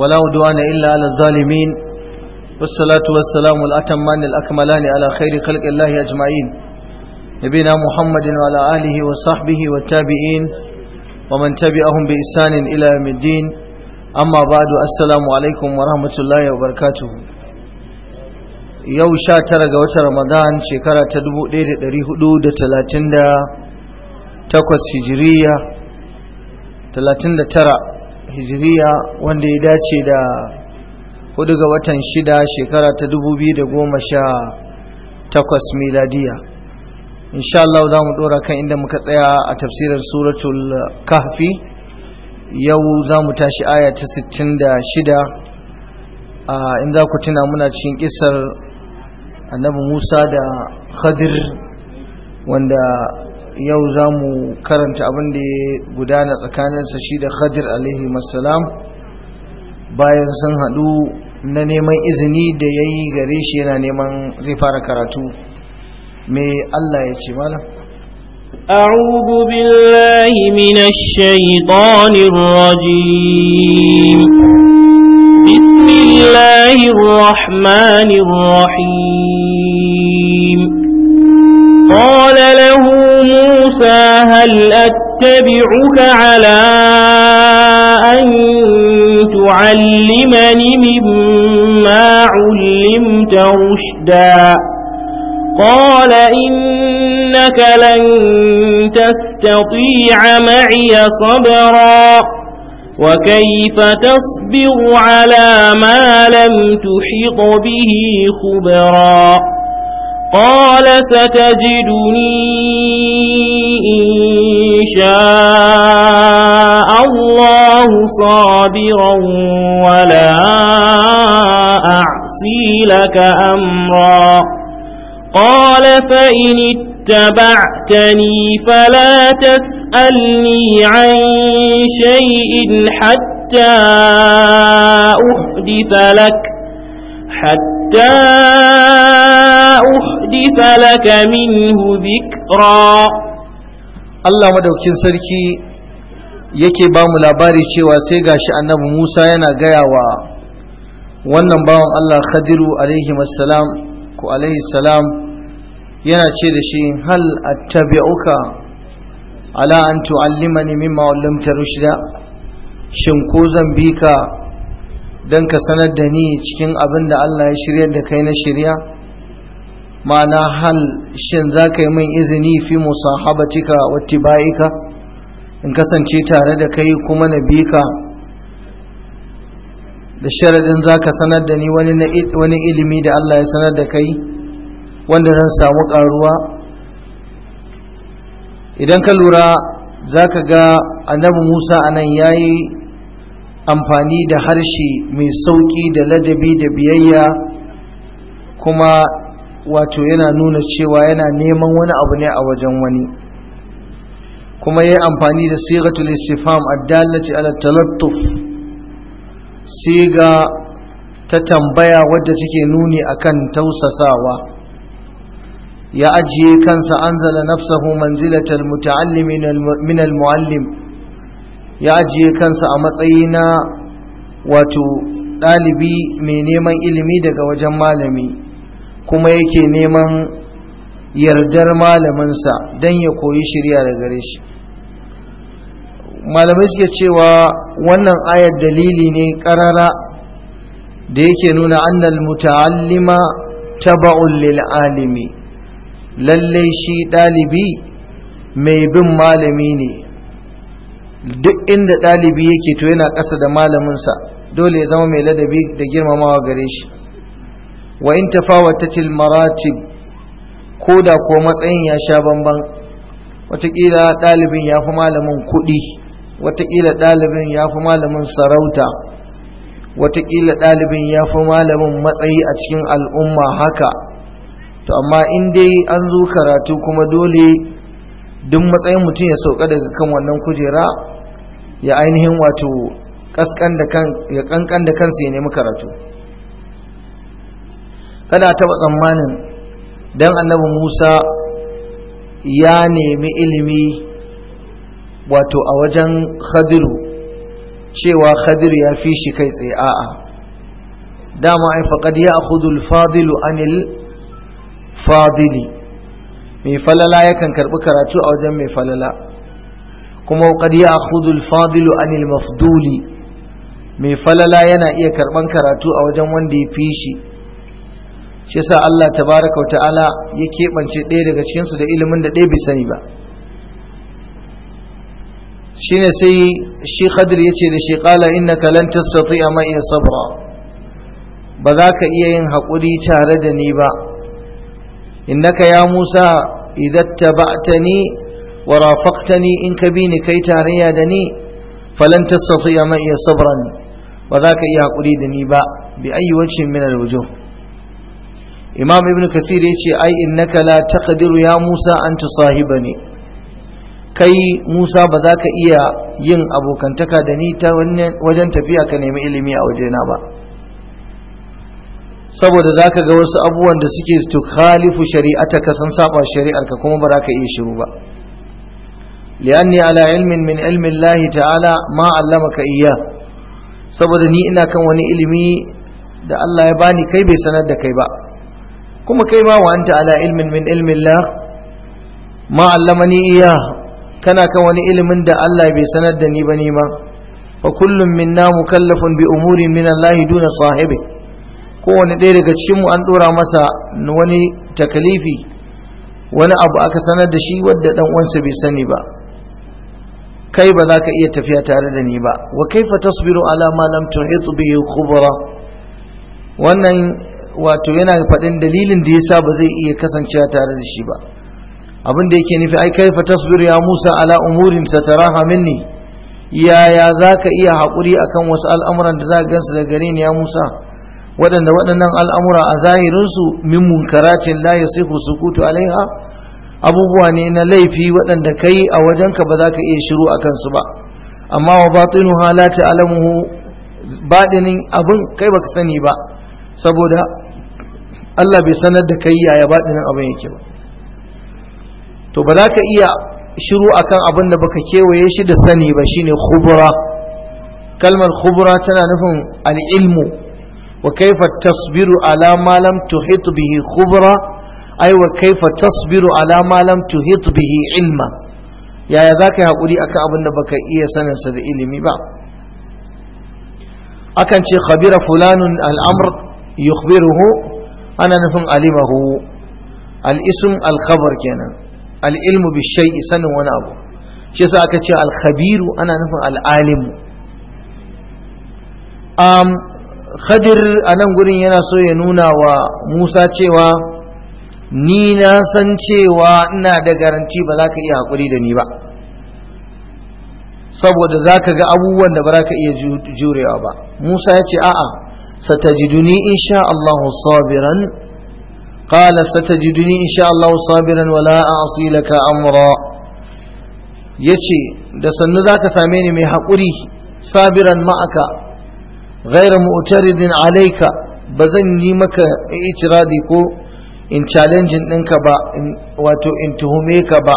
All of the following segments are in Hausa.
ولا عدوان إلا على الظالمين والصلاة والسلام الأتمان الأكملان على خير خلق الله أجمعين نبينا محمد وعلى آله وصحبه والتابعين ومن تبعهم بإحسان إلى يوم الدين أما بعد السلام عليكم ورحمة الله وبركاته yau sha tara ga watan ramadan shekara ta 1438 hijiriya 39 hijiriya wanda ya dace da hudu ga watan shida shekara ta dubu biyu da goma sha takwas miladiya insha Allah za mu dora kan inda muka tsaya a tafsirar suratul kahfi yau za mu tashi aya ta sittin da shida. in za ku tuna muna cikin kisar annabi musa da khadir wanda yau za mu karanta abin da ya gudana tsakaninsa shi da khadir alaihi masalam bayan sun hadu na neman izini da ya yi gare shi yana neman zai fara karatu mai allah ya ce mana أعوذ بالله من الشيطان الرجيم بسم الله الرحمن الرحيم قال له موسى هل أتبعك على أن تعلمني مما علمت رشدا قال إنك لن تستطيع معي صبرا وكيف تصبر على ما لم تحط به خبرا قال ستجدني إن شاء الله صابرا ولا أعصي لك أمرا قال فإن اتبعتني فلا تسألني عن شيء حتى أحدث لك حتى حتى أحدث لك منه ذكرا الله كن سركي yake ba mu labari cewa sai gashi annabi Musa yana gaya wannan bawan Allah Khadiru alaihi salam ko alaihi salam yana ce da shi hal attabi'uka ala an tu'allimani mimma 'allamta rushda shin ko zan bi ka Dan ka sanar da ni cikin abin da Allah ya shirya da kai na shirya ma'ana hal shin za ka yi min izini fi musahabatika wati ba'ika in kasance tare da kai kuma na bi ka da sharadin za ka sanar da ni wani ilimi da Allah ya sanar da kai wanda zan samu karuwa idan ka lura za ka ga annabi musa a nan ya amfani da harshe mai sauƙi da ladabi da biyayya kuma wato yana nuna cewa yana neman wani abu ne a wajen wani kuma ya yi amfani da sigatul istifam a ala talattuf siga ta tambaya wadda take nuni akan tausasawa ya ajiye kansa anzala nafsahu manzilatal muta'allimi min al-muallim ya ajiye kansa a matsayi na wato ɗalibi mai neman ilimi daga wajen malami kuma yake neman yardar malaminsa don ya koyi shirya da gare shi malamai suke cewa wannan ayar dalili ne karara da yake nuna annal muta'allima taba'un lil alimi lallai shi ɗalibi mai bin malami ne duk inda ɗalibi yake to yana ƙasa da malaminsa dole ya zama mai ladabi da girmamawa gare shi wa in tafawatatil maratib ko da ko matsayin ya sha bamban watakila ɗalibin ya fi malamin kuɗi watakila ɗalibin ya fi malamin sarauta watakila ɗalibin ya fi malamin matsayi a cikin al'umma haka to amma in dai an zo karatu kuma dole duk matsayin mutum ya sauka daga kan wannan kujera ya ainihin wato ya kankan da kansa ya nemi karatu kada taɓa tsammanin dan annabi musa ya nemi ilimi wato a wajen khadiru cewa khadir ya fi shi kai tsaye a'a dama ai faqad ya al fadilu anil fadili mai falala yakan karɓi karatu a wajen mai falala kuma qad ya'khudhu al an anil mafduli mai falala yana iya karban karatu a wajen wanda ya fi shi shi yasa Allah tabaraka ta'ala ya keɓance ɗaya daga cikin su da ilimin da ɗaya bai sani ba shine sai shi Khadir yace da shi qala innaka lan tastati'a ma iya sabra ba za ka iya yin haƙuri tare da ni ba innaka ya Musa idatta ba'tani wa rafaqtani in ka bi kai tarayya da ni falan tastati'a ma iya sabran ba za ka iya hakuri da ni ba bi ayi wajhin min imam ibn kasir ya ce ai innaka la taqdiru ya musa an ne. kai musa ba za ka iya yin abokantaka da ni ta wajen tafiya ka nemi ilimi a wajena ba saboda za ka ga wasu abubuwan da suke su khalifu shari'ata ka san saba shari'ar kuma ba za ka iya shiru ba li'anni ala ilmin min ilmin Allah ta'ala ma allamaka iya saboda ni ina kan wani ilimi da Allah ya bani kai bai sanar da kai ba kuma kai ma wa anta ala ilmin min ilmin Allah ma allamani iya kana kan wani ilimin da Allah bai sanar da ni ba ni ma fa kullum minna mukallafun bi umurin min Allah duna sahibi kowane ɗaya daga cikinmu an ɗora masa wani takalifi wani abu aka sanar da shi wadda ɗan uwansa bai sani ba kai ba za ka iya tafiya tare da ni ba wa kaifa tasbiru ala ma lam tuhit bihi khubra wannan wato yana faɗin dalilin da yasa ba zai iya kasancewa tare da shi ba abin da yake nufi ai kaifa tasbiru ya Musa ala umurin sataraha minni yaya za ka iya haƙuri akan wasu al'amuran da za ka gansu da gare ni ya Musa waɗanda waɗannan al'amura a zahirinsu min munkaratin la yasifu sukutu alaiha abubuwa ne na laifi waɗanda yi a wajenka ba za ka iya shiru a kansu ba amma wa batinu halata alamuhu baɗinin abin kai baka sani ba saboda Allah bai sanar da kai yaya baɗinin abin yake ba to ba za ka iya shiru akan abin da baka kewaye shi da sani ba shine khubra kalmar khubra tana nufin al'ilmu wa kaifa tasbiru ala ma lam tuhit bihi khubra aiwa kaifa tasbiru ala ma lam tuhit bihi ilma yaya za ka yi hakuri akan abin da baka iya saninsa da ilimi ba akan ce khabira fulanun al'amr yukhbiruhu ana nufin alimahu al'ism al-khabar kenan al'ilmu bi shay'i sanin wani abu shi yasa aka ce al-khabiru ana nufin al'alimu um, khadir a nan gurin yana so ya nuna wa musa cewa ni na san cewa ina da garanti ba za ka iya haƙuri da ni ba saboda za ka ga abubuwan da ba za ka iya jurewa ba musa ya ce a'a satajiduni insha Allah sabiran qala satajiduni insha Allah sabiran wala a'si laka amra yace da sannu za ka same ni mai haƙuri sabiran ma'aka ghairu mu'taridin alayka ba zan yi maka itiradi ko in challenging ɗinka ba wato in tuhume ka ba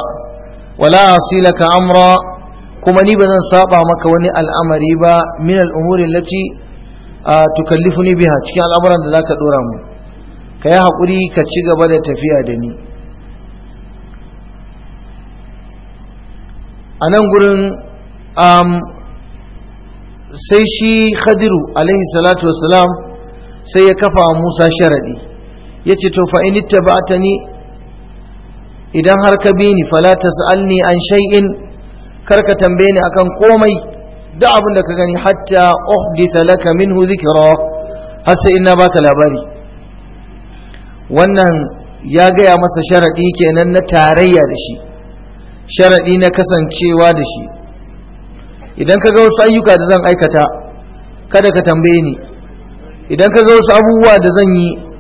wala ka amra kuma ni ba zan saba maka wani al'amari ba min al'umuri lati tukallifuni biha cikin al'amuran da ka dora mu ka yi haƙuri ka ci gaba da tafiya da ni a nan gurin sai shi khadiru alaihi salatu wasalam sai ya kafa musa sharaɗi. ya ce to ba ta ni idan har ka bi ni fala tas'alni an shay'in karka tambaye ni akan komai da abin da ka gani hatta uhdisa salaka min hu zikira sai ina ba ka labari wannan ya gaya masa sharaɗi kenan na tarayya da shi Sharaɗi na kasancewa da shi idan ka ga wasu ayyuka da zan aikata kada ka tambaye ni idan ka ga wasu abubuwa da zan yi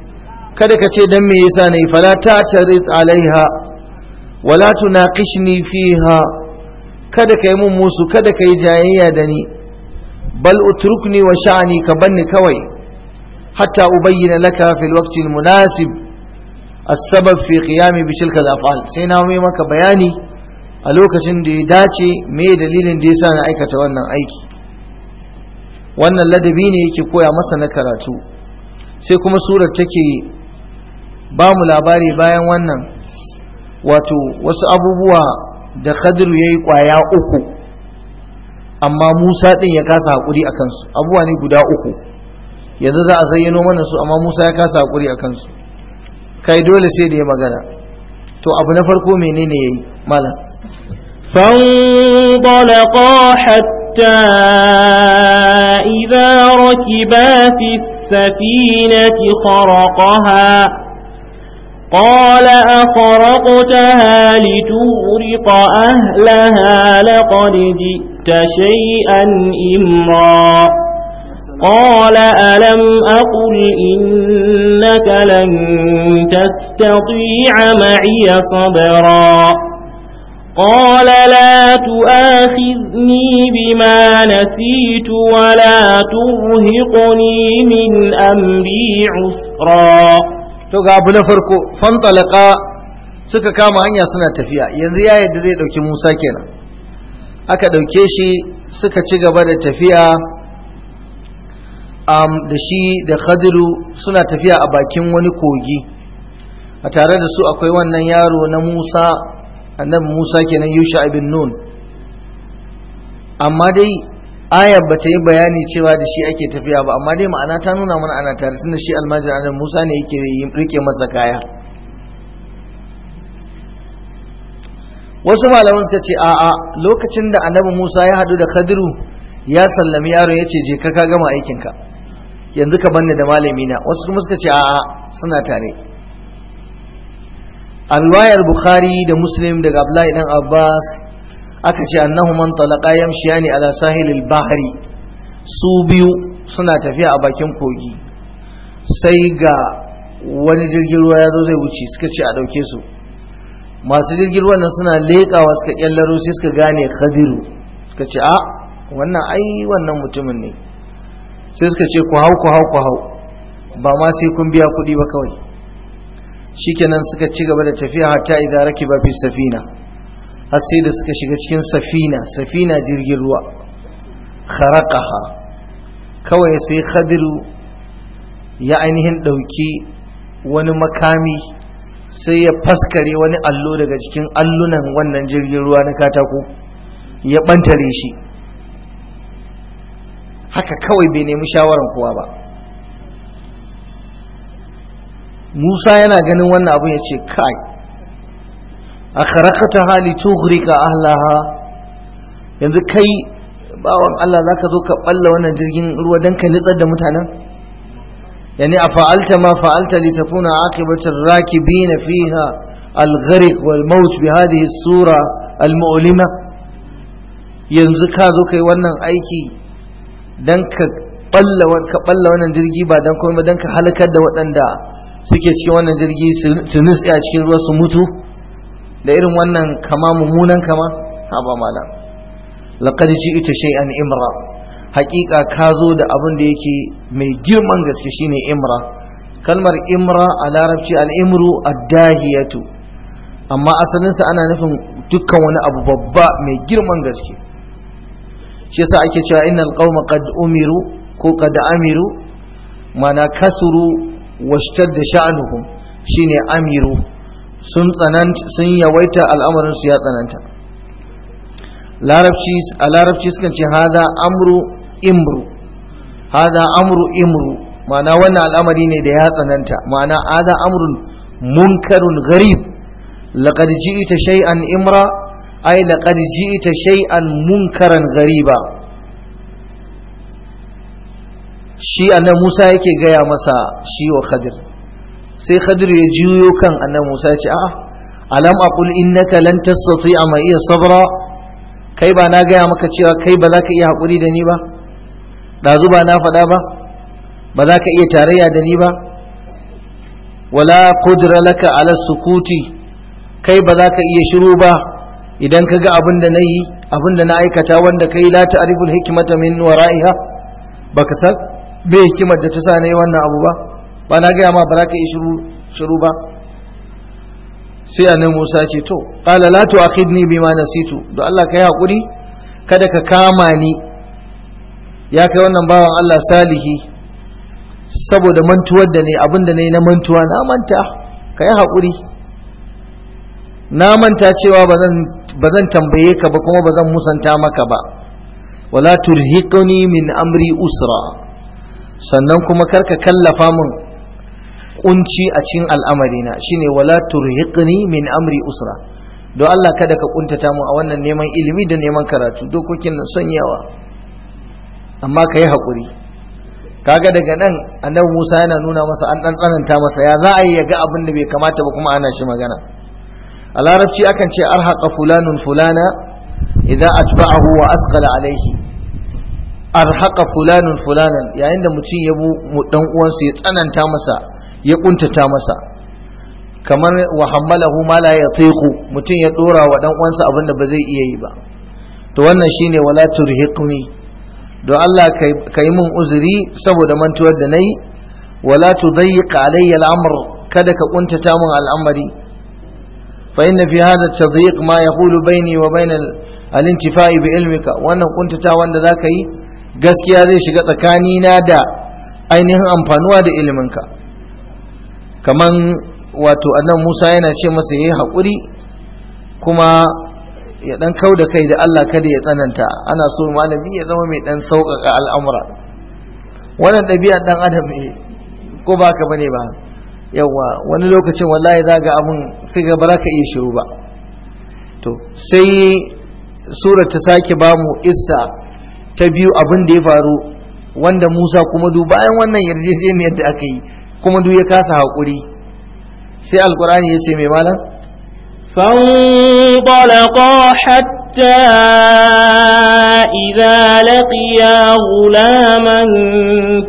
kada ka ce dan me yasa nayi fala ta tarit alaiha wala tunaqishni fiha kada ka mun musu kada ka yi jayayya da ni bal utrukni wa sha'ani ka banni kawai hatta ubayyana laka fi alwaqti munasib as-sabab fi qiyami bi tilka al sai na mai maka bayani a lokacin da ya dace me dalilin da yasa na aikata wannan aiki wannan ladabi ne yake koya masa na karatu sai kuma surar take ba mu labari bayan wannan wato wasu abubuwa da kadiru ya yi kwaya uku amma musa ɗin ya kasa haƙuri a kansu abubuwa ne guda uku yanzu za a zayyano mana su amma musa ya kasa haƙuri a kansu kai dole sai da ya magana to abu na farko menene ya yi malam فانطلقا حتى إذا ركبا في السفينة خرقها قال أخرقتها لتغرق أهلها لقد جئت شيئا إمرا قال ألم أقل إنك لن تستطيع معي صبرا قال لا تؤاخذني بما نسيت ولا ترهقني من أمري عسرا to ga abu na farko fantalaka suka kama hanya suna tafiya yanzu ya yadda zai ɗauki musa kenan aka ɗauke shi suka ci gaba da tafiya da shi da khadiru suna tafiya a bakin wani kogi a tare da su akwai wannan yaro na musa annabi musa kenan yusha ibn nun amma dai ayar ba ta yi bayani cewa da shi ake tafiya ba amma dai ma'ana ta nuna mana ana tare tunda shi almajin adam musa ne yake rike masa kaya wasu malaman suka ce a'a lokacin da annabi musa ya haɗu da kadiru ya sallami yaro ya ce je ka ka gama aikinka yanzu ka banni da malamina wasu kuma suka ce a'a suna tare a riwayar bukhari da muslim daga abdullahi dan abbas aka ce annahu man talaqa yamshiyani ala sahilil bahri su biyu suna tafiya a bakin kogi sai ga wani jirgin ruwa ya zo zai wuce suka ce a dauke su masu jirgin ruwan nan suna leƙawa suka kyallaro sai suka gane khadiru suka ce a ah, wannan ai wannan mutumin ne sai suka ce ku hau ku hau ku hau ba ma sai kun biya kuɗi ba kawai shikenan suka ci gaba da tafiya hatta idan rakiba fi safina har sai da suka shiga cikin safina safina jirgin ruwa kharaqaha kawai sai khadiru ya ainihin ɗauki wani makami sai ya faskare wani allo daga cikin allunan wannan jirgin ruwa na katako ya ɓantare shi haka kawai bai nemi shawaran kowa ba musa yana ganin wannan abun ya ce kai hali tughrika ahlaha yanzu kai bawan Allah zaka zo ka balla wannan jirgin ruwa dan ka nitsar da mutanen yani a fa'alta ma fa'alta takuna aqibatul rakibina fiha al-gharq wal maut bi hadhihi as-sura al-mu'lima yanzu ka zo kai wannan aiki dan ka balla ka balla wannan jirgi ba dan komai ba dan ka halakar da waɗanda suke cikin wannan jirgi su nutse a cikin ruwa su mutu da irin wannan kama mummunan kama haba mala laqad ji'ita shay'an imra haƙiƙa ka zo da abin da yake mai girman gaske shine imra kalmar imra a larabci al al'imru dahiyatu. amma asalinsa ana nufin dukkan wani abu babba mai girman gaske shi yasa ake cewa innal qauma qad umiru ko qad amiru mana kasuru washtadda sha'nuhum shine amiru sun tsananta sun yawaita al'amarin su ya tsananta larabci a larabci sukan ce hada amru imru hada amru imru ma'ana wannan al'amari ne da ya tsananta ma'ana hada amrun munkarun gharib laqad ji'ita shay'an imra ay laqad ji'ita shay'an munkaran ghariba shi annabi Musa yake gaya masa shi wa Khadir sai khadir ya juyo kan annabi musa ya ce a'a alam aqul innaka lan tastati ma iya sabra kai ba na gaya maka cewa kai ba za ka iya haƙuri da ni ba ɗazu ba na faɗa ba ba za ka iya tarayya da ni ba wala kudura laka ala sukuti kai ba za ka iya shiru ba idan ka ga abin da na yi abin da na aikata wanda kai la ta'riful hikmata min wara'iha baka san me hikimar da ta sa na wannan abu ba ba na gaya ma ba za ka yi shiru ba sai nan Musa ce to qala la tu'akhidni bima nasitu don Allah ka yi hakuri kada ka kama ni ya kai wannan bawan Allah salihi saboda mantuwar da ne abin ne na mantuwa na manta ka yi hakuri na manta cewa ba zan tambaye ka ba kuma ba zan musanta maka ba wala turhiqni min amri usra sannan kuma karka kallafa min kunci a cikin al'amarina shine wala turhiqni min amri usra don Allah kada ka kuntata mu a wannan neman ilimi da neman karatu dokokin nan son yawa amma ka yi haƙuri kaga daga nan annabi Musa yana nuna masa an dan tsananta masa ya za a yi ya ga abin da bai kamata ba kuma ana shi magana a larabci akan ce arhaqa fulanun fulana idza atba'ahu wa asqala alayhi arhaqa fulanun fulanan yayin da mutum ya bu dan uwansa ya tsananta masa ya kuntata masa kamar wa hammalahu ma la yatiqu mutum ya dora wa dan uwansa abin da ba zai iya yi ba to wannan shine wala turhiqni don Allah ka yi min uzuri saboda mantuwar da nayi wala tudayyiq alayya al'amr kada ka kuntata min al'amari fa inna fi hadha at-tadyiq ma yaqulu bayni wa bayna al-intifa'i bi ilmika wannan kuntata wanda zaka yi gaskiya zai shiga tsakanina da ainihin amfanuwa da iliminka kaman wato annan musa yana ce masa ya yi haƙuri kuma ya ɗan kau da kai da allah kada ya tsananta ana so malami ya zama mai ɗan sauƙaƙa al'amura wannan ɗabi'a ɗan adam ne ko ba ka bane ba yawa wani lokacin wallahi za ga abin sai ga baraka iya shiru ba to sai surar ta sake bamu isa ta biyu abin da ya faru wanda musa kuma du bayan wannan yarjejeniyar da aka yi kuma duk ya kasa haƙuri sai alkur'ani ya ce mai malam فانطلقا حتى إذا لقيا غلاما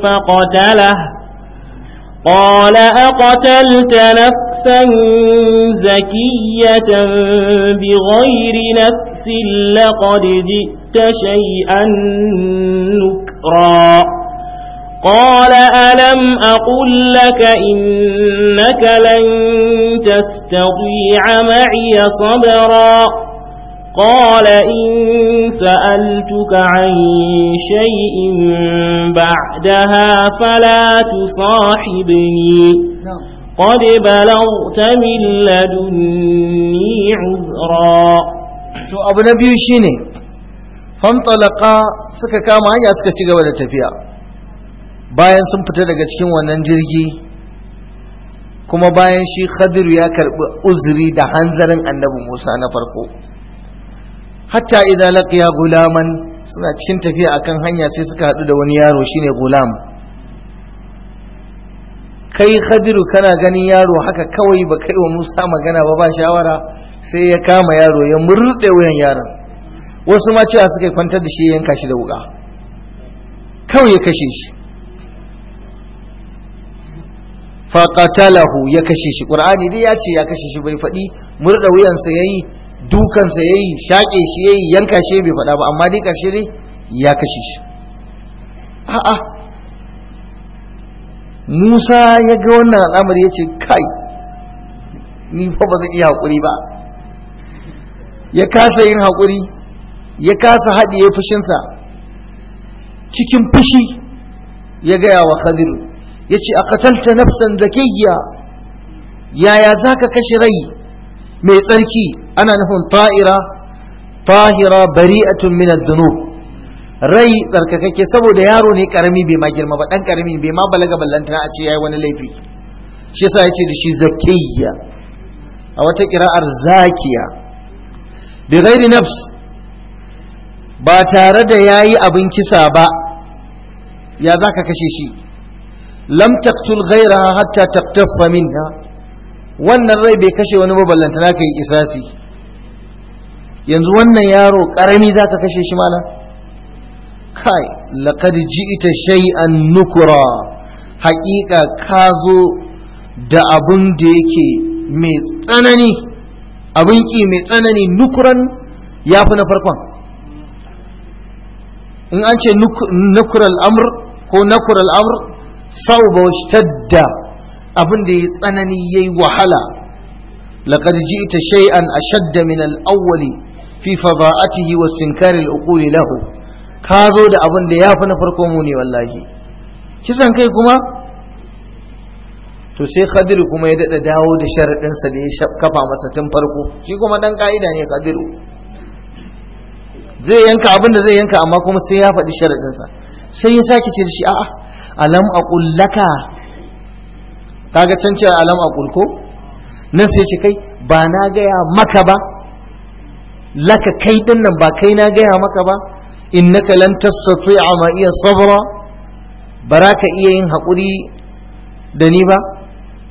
فقتله قال أقتلت نفسا زكية بغير نفس لقد جئت شيئا نكرا قال ألم أقل لك إنك لن تستطيع معي صبرا قال إن سألتك عن شيء بعدها فلا تصاحبني نعم. قد بلغت من لدني عذرا to abu na فانطلقا سككا fantalaka suka kama hanya bayan sun fita daga cikin wannan jirgi kuma bayan shi khadir ya karbi uzuri da hanzarin annabi musa na farko hatta idan laqiya gulaman suna cikin tafiya akan hanya sai suka haɗu da wani yaro shine gulam kai khadiru kana ganin yaro haka kawai ba kai wa musa magana ba ba shawara sai ya kama yaro ya murɗe wuyan yaron wasu ma cewa suka kwantar da shi yanka shi da wuƙa. kawai ya kashe shi faqatalahu ya kashe shi qur'ani dai ya ce ya kashe shi bai faɗi murda wuyansa yayi dukansa yayi shaƙe shi yayi yanka shi bai faɗa ba amma dai ƙarshe dai ya kashe shi a'a Musa ya ga wannan al'amari ya ce kai ni fa ba zan iya haƙuri ba ya kasa yin haƙuri ya kasa haɗiye fushinsa cikin fushi ya gaya wa Khadiru yace aqatalta nafsan zakiyya yaya zaka kashe rai mai tsarki ana nufin ta'ira tahira bari'atun min adh-dhunub rai tsarkakake saboda yaro ne karami bai ma girma ba dan karami bai ma balaga ballanta a ce yayi wani laifi shi yasa yace da shi zakiyya a wata kira'ar zakiya bi ghairi nafs ba tare da yayi abin kisa ba ya zaka kashe shi lam taqtul ghayraha hatta taqtaffa minha wannan rai bai kashe wani ba ballanta na kai isasi yanzu wannan yaro karami zaka kashe shi mana? kai laqad ji'ita shay'an nukura haƙiƙa ka zo da abun da yake mai tsanani abun ki mai tsanani nukuran yafi na farkon in an ce nukural amr ko nakural amr sauba washtadda abin da ya tsanani ya yi wahala laqad ji'ta shay'an ashadda min al'awwali, awwali fi fada'atihi wa istinkar al lahu ka zo da abin da ya fi na farko mu ne wallahi kisan kai kuma to sai kadiru kuma ya daɗa dawo da sharaɗinsa da ya kafa masa tun farko shi kuma ɗan ƙa'ida ne kadiru zai yanka abin da zai yanka amma kuma sai ya faɗi sharaɗinsa. sai ya sake ce da shi a'a alam aqul laka kaga can ce alam aqul ko nan sai ce kai ba na gaya maka ba laka kai din nan ba kai na gaya maka ba innaka lan tastati'a ma iya sabra bara iya yin hakuri da ni ba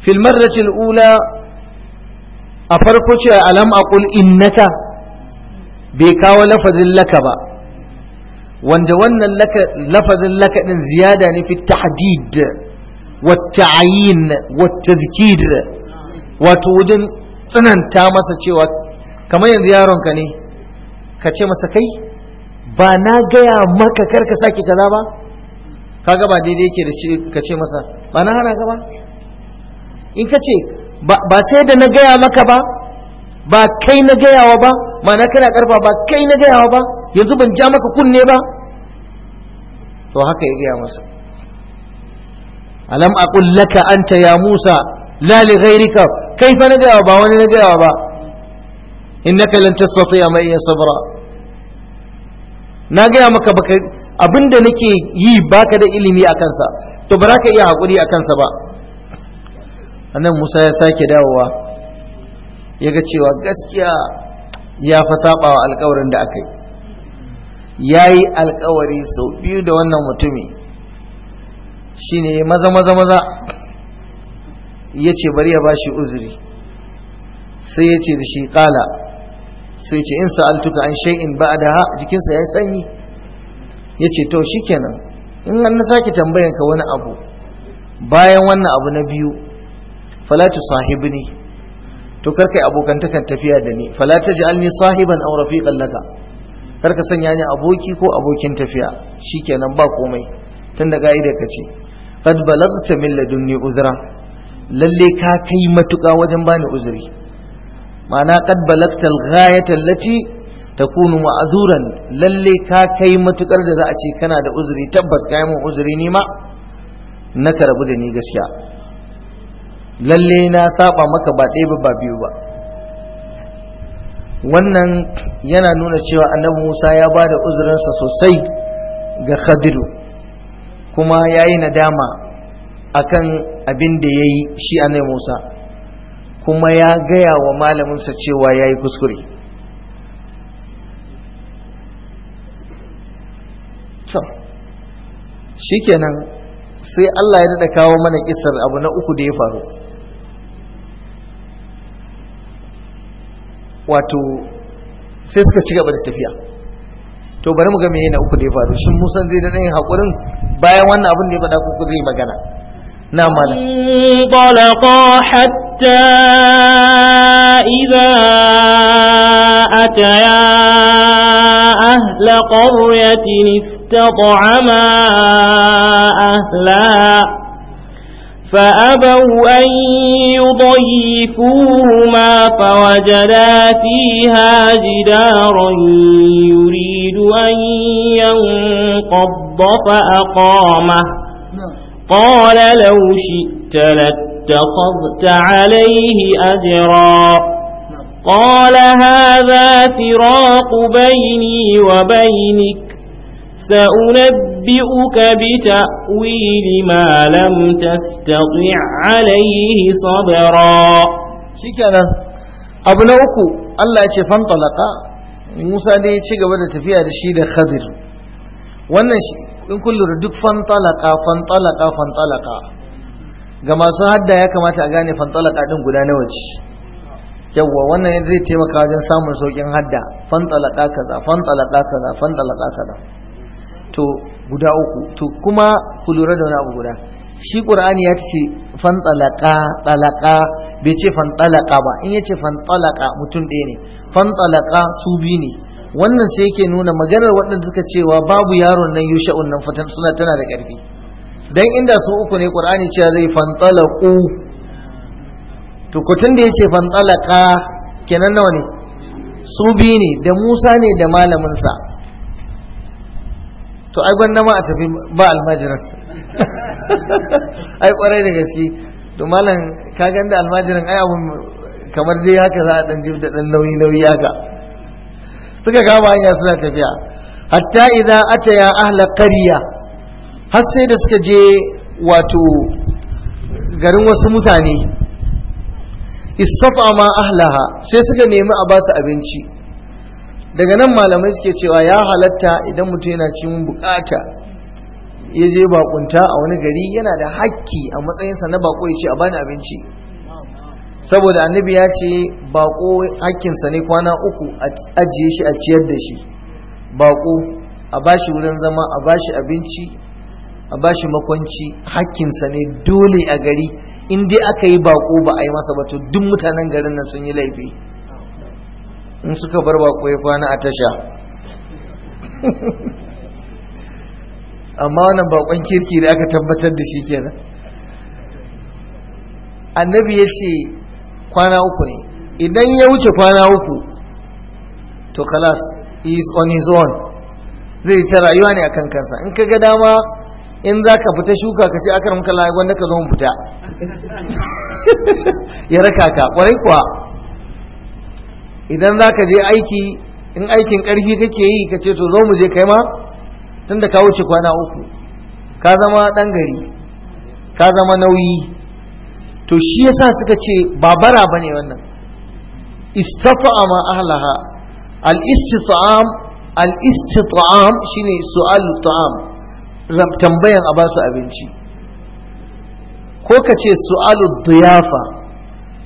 fil marratil ula a farko ce alam aqul innaka bai kawo lafazin laka ba wanda wannan lafazin lakaɗin ziyada ne fi tahdid wa ta'ayin wa tazkir wato wajen tsananta masa cewa kamar yanzu yaronka ne ka ce masa kai ba na gaya maka kar ka sake kaza ba kaga ba daidai yake da ka ce masa ba na hana ka ba in ka ce ba sai da na gaya maka ba ba kai na gayawa ba ma'ana kana karfa ba kai na gayawa ba yanzu ban ja maka kunne ba to haka ya gaya masa alam aqul laka anta ya musa la li ghayrika kai fa na gayawa ba wani na gayawa ba innaka lan tastati'a ma iya sabra na gaya maka baka abinda nake yi baka da ilimi a kansa to ba za ka iya hakuri a kansa ba annan musa ya sake dawowa ya ga cewa gaskiya ya fa sabawa alkawarin da aka yi ya yi alkawari sau biyu da wannan mutumi shi ne maza maza maza ya ce bari ya ba shi uzuri sai ya ce da shi kala sai ce in sa'altuka an shay'in ba da ha jikinsa ya yi sanyi ya ce to shi kenan in an na sake tambayanka wani abu bayan wannan abu na biyu falatu sahibni to karka yi abokantakan tafiya da ni falata ji alni sahiban aw rafiqan kar karka sanya ni aboki ko abokin tafiya shi kenan ba komai tunda da kace kad balagta min ladunni uzra lalle ka kai matuka wajen bani uzuri ma'ana kad balagta al-ghayata allati takunu ma'zuran lalle ka kai matukar da za a ce kana da uzuri tabbas kai mun uzuri ni ma na karabu da ni gaskiya lalle na saba maka ba ɗaya ba biyu ba wannan yana nuna cewa annabi musa ya ba da uzurinsa sosai ga khadiru kuma ya yi nadama a kan abin da ya yi shi annabi musa kuma ya gaya wa malaminsa cewa ya yi kuskure shikenan sai allah ya daɗa kawo mana kisar abu na uku da ya faru wato sai suka ci gaba da tafiya to bari mu ga meye na uku da ya faru shin musan zai da yin haƙurin bayan wannan abin da ya faɗa ko zai magana na mana talaqa hatta idza ataya ahla qaryatin istat'ama ahlaha فأبوا أن يضيفوهما فوجدا فيها جدارا يريد أن ينقض فأقامه قال لو شئت لاتخذت عليه أجرا قال هذا فراق بيني وبينك سأنبئ ننبئك بتأويل ما لم تستطع عليه صبرا شكرا abu na uku Allah ya ce fantalaka Musa dai ya ci gaba da tafiya da shi da Khadir wannan shi in kullu duk fantalaka fantalaka fantalaka ga masu hadda ya kamata a gane fantalaka ɗin guda na ce yawwa wannan zai taimaka wajen samun saukin hadda fantalaka kaza fantalaka kaza fantalaka kaza to guda uku to kuma ku lura da wani abu guda shi qur'ani ya ce fantalaka talaka bai ce 'Fan fantalaka ba in yace fantalaka mutum ɗaya ne 'Fan fantalaka su biyu ne wannan sai yake nuna maganar waɗanda suka cewa babu yaron nan yusha'un nan fatan suna tana da ƙarfi dan inda su uku ne qur'ani cewa zai 'Fan fantalaku to kotun da yace fantalaka kenan nawa ne su biyu ne da Musa ne da malamin sa to ai gwanda ma a tafi ba almajiran ai kwarai da gaske to malam ka ganda almajiran ai abun kamar dai haka za a dan jibda dan nauyi nauyi haka suka kama hanya suna tafiya hatta idan ata ya ahla qarya har sai da suka je wato garin wasu mutane istafa ma ahlaha sai suka nemi a basu abinci daga nan malamai suke cewa ya halatta idan mutum yana cikin bukata ya je bakunta a wani gari yana da hakki a matsayinsa na bako ya ce a bani abinci saboda annabi ya ce bako hakkinsa ne kwana uku ajiye shi a ciyar da shi bako a bashi wurin zama a bashi abinci a bashi makwanci hakkinsa ne dole a gari in dai aka yi bako ba a yi masa ba to duk mutanen garin nan sun yi laifi in suka bar bako ya kwana a tasha amma wannan bakon kirki da aka tabbatar da shi kenan annabi ya ce kwana uku ne idan ya wuce kwana uku to kalas is on his own zai ta rayuwa ne a kan kansa in ka ga dama in za ka fita shuka ka ce aka ramka layi wanda ka zo mu fita ya raka ka kwarai kuwa idan za ka je aiki in aikin ƙarfi kake yi ka ce to zo mu je kai ma tun da ka wuce kwana uku ka zama ɗan gari ka zama nauyi to shi yasa suka ce ba bara bane wannan istata'a ma ahlaha al-istita'am al-istita'am shine su'al ta'am tambayan a basu abinci ko ka ce su'alu diyafa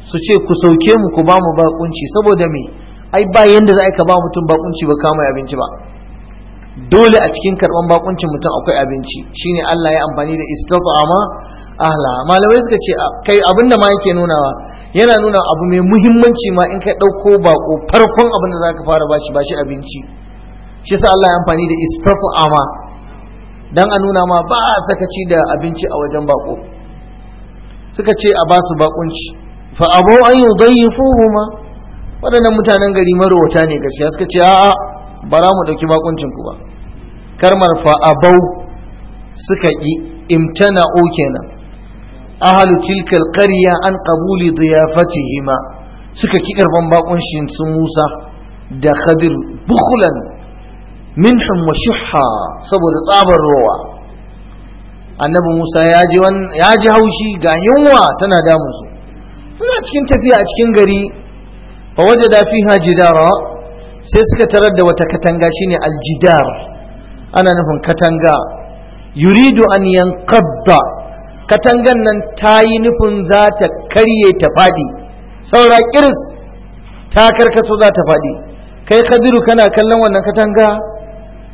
su ce ku sauke mu ku ba mu bakunci saboda me ai ba yanda za ka ba mutum bakunci ba kama abinci ba dole a cikin karban bakuncin mutum akwai abinci shine Allah ya amfani da amma ahla malamai suka ce kai abin da ma yake nunawa yana nuna abu mai muhimmanci ma in ka dauko bako farkon abin da zaka fara bashi bashi abinci shi sa Allah ya amfani da amma dan a nuna ma ba sakaci da abinci a wajen bako suka ce a basu bakunci fa abau an yudayyifuhuma waɗannan mutanen gari marowata ne gaskiya suka ce a'a ba za mu ɗauki bakuncinku ba karmar fa abau suka yi imtana'u kenan ahlu tilkal qarya an qabuli diyafatihima suka ki karban bakuncin su Musa da Khadir bukhlan mintan wa shuhha saboda tsabar rowa annabi Musa ya ji haushi ga yunwa tana damunsu suna cikin tafiya a cikin gari da wajada fiha jidara sai suka tarar da wata katanga shine aljidar ana nufin katanga yuridu an yankadda katangan nan ta yi nufin za ta karye ta faɗi saura kiris ta karkaso za ta faɗi kai kadiru kana kallon wannan katanga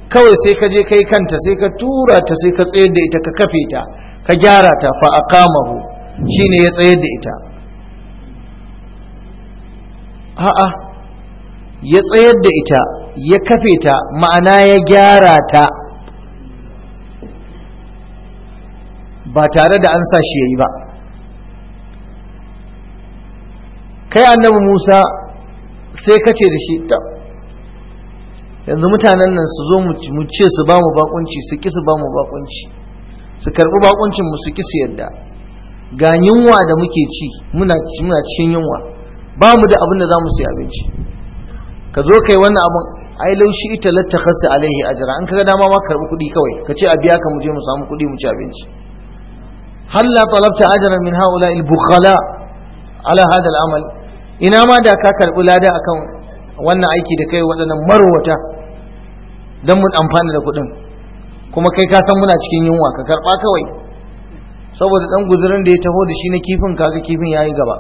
kawai sai ka je kai kanta sai ka tura ta sai ka tsayar da ita ka kafe ta ka gyara ta fa aqamahu shine ya tsayar da ita a'a ya tsayar da ita ya kafe ta ma'ana ya gyara ta ba tare da an sa shi ya yi ba kai annabi musa sai ka ce da shi ta yanzu mutanen nan su zo mu ce su ba mu bakunci su ki su ba mu bakunci su karbi bakuncin su ki su yadda ga yunwa da muke ci muna cikin yunwa ba mu da abin da za mu sai abinci ka zo kai wannan abin ai laushi ita lattakhasa alaihi ajra an kaga dama ma karɓi kuɗi kawai ka ce a biya ka mu je mu samu kuɗi mu ci abinci halla talabta ajran min haula al bukhala ala hada al amal ina ma da ka karbi lada akan wannan aiki da kai waɗannan marwata dan mun amfana da kuɗin kuma kai ka san muna cikin yunwa ka karba kawai saboda ɗan guzurin da ya taho da shi na kifin kaga kifin yayi gaba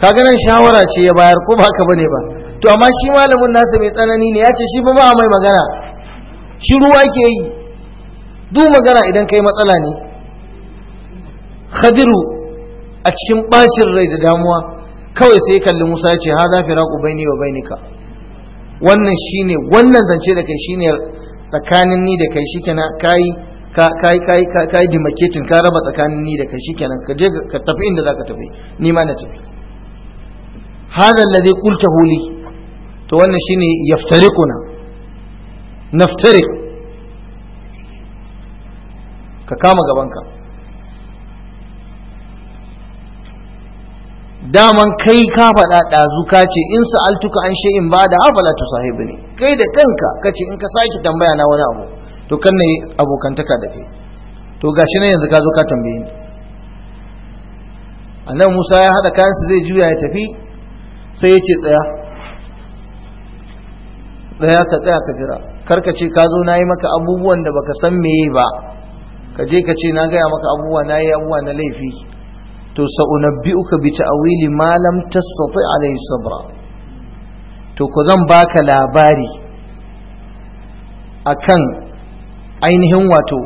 kaga nan shawara ce ya bayar ko ba bane ba to amma shi malamin nasa mai tsanani ne ya ce shi ba ba mai magana shi ruwa ke yi duk magana idan ka yi matsala ne khadiru a cikin bacin rai da damuwa kawai sai kalli musa ya ce ha za bai baini wa bainika wannan shine wannan zance da kai shine tsakanin ni da kai shikenan kai kai kai dimaketin ka raba tsakanin ni da kai shikenan ka je ka tafi inda zaka tafi ni ma na tafi hadha alladhi qultahu li to wannan shine yaftariquna naftariq ka kama gabanka daman kai ka faɗa ɗazu ka ce in sa'altuka an shay'in ba da afala tu sahibni kai da kanka ka ce in ka sake tambaya na wani abu to kan ne abokantaka da kai to ga shi ne yanzu ka zo ka tambaye ni annabi Musa ya hada kayansa zai juya ya tafi sai ya ce tsaya tsaya ka tsaya ka jira karka ce ka zo na yi maka abubuwan da baka san meye ba ka je ka ce na gaya maka abubuwa na yi abubuwa na laifi to sa'unabbi'uka bi ta'awili ma lam tastati alayhi sabra to ko zan baka labari akan ainihin wato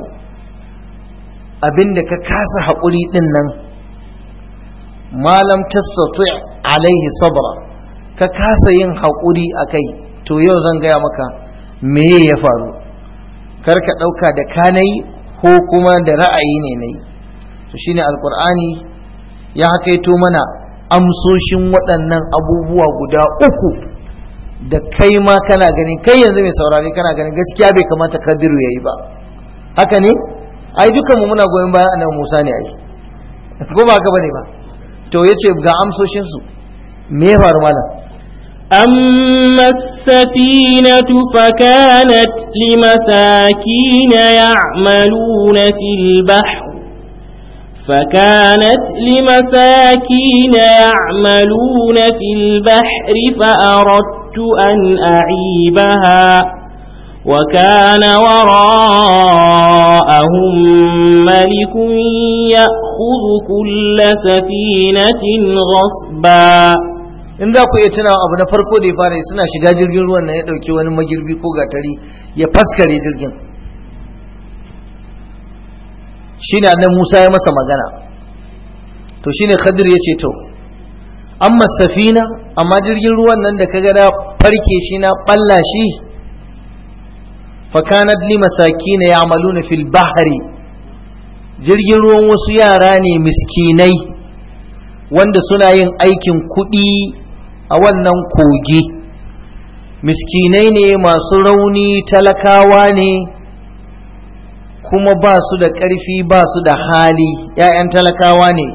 abinda ka kasa haƙuri din nan malam tastati alaihi sabra ka kasa yin haƙuri a kai to yau zan gaya maka me ya faru kar ka ɗauka da kanai ko kuma da ra'ayi ne na yi to shine alƙur'ani ya hakaito mana amsoshin waɗannan abubuwa guda uku da kai ma kana gani kai yanzu mai saurari kana gani gaskiya bai kamata kadiru ya yi ba haka ne ai dukanmu muna goyon bayan annabi musa ne ai ko ba haka bane ba to yace ga amsoshin su me faru malam أما السفينة فكانت لمساكين يعملون في البحر فكانت لمساكين يعملون في البحر فأردت أن أعيبها وكان وراءهم ملك يأخذ تأخذ كل سفينة غصبا in za ku iya tunawa abu na farko da ya fara suna shiga jirgin ruwan nan ya ɗauki wani magirbi ko gatari ya faskare jirgin shi ne annan musa ya masa magana to shi ne khadir ya ce to amma safina amma jirgin ruwan nan da ka gada farke shi na ɓalla shi fakanat li na ya amalu na fil bahari jirgin ruwan wasu yara ne miskinai wanda suna yin aikin kuɗi a wannan kogi miskinai ne masu rauni talakawa ne kuma ba su da ƙarfi ba su da hali 'ya'yan talakawa ne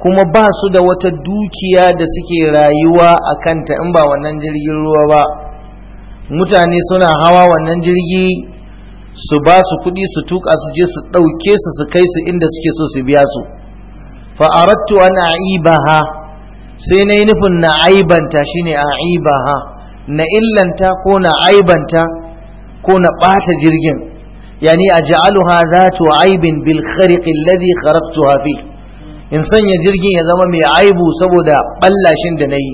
kuma ba su da wata dukiya da suke rayuwa a kanta in ba wannan jirgin ruwa ba mutane suna hawa wannan jirgi su ba su kuɗi su tuka su je su ɗauke su su kai su inda suke so su biya su fa'arattu an a'ibaha sai nayi yi nufin na aibanta shine a'ibaha na illanta ko na aibanta ko na ɓata jirgin yani a zatu aibin bil khariqi alladhi kharaqtuha fi in sanya jirgin ya zama mai aibu saboda ballashin da nayi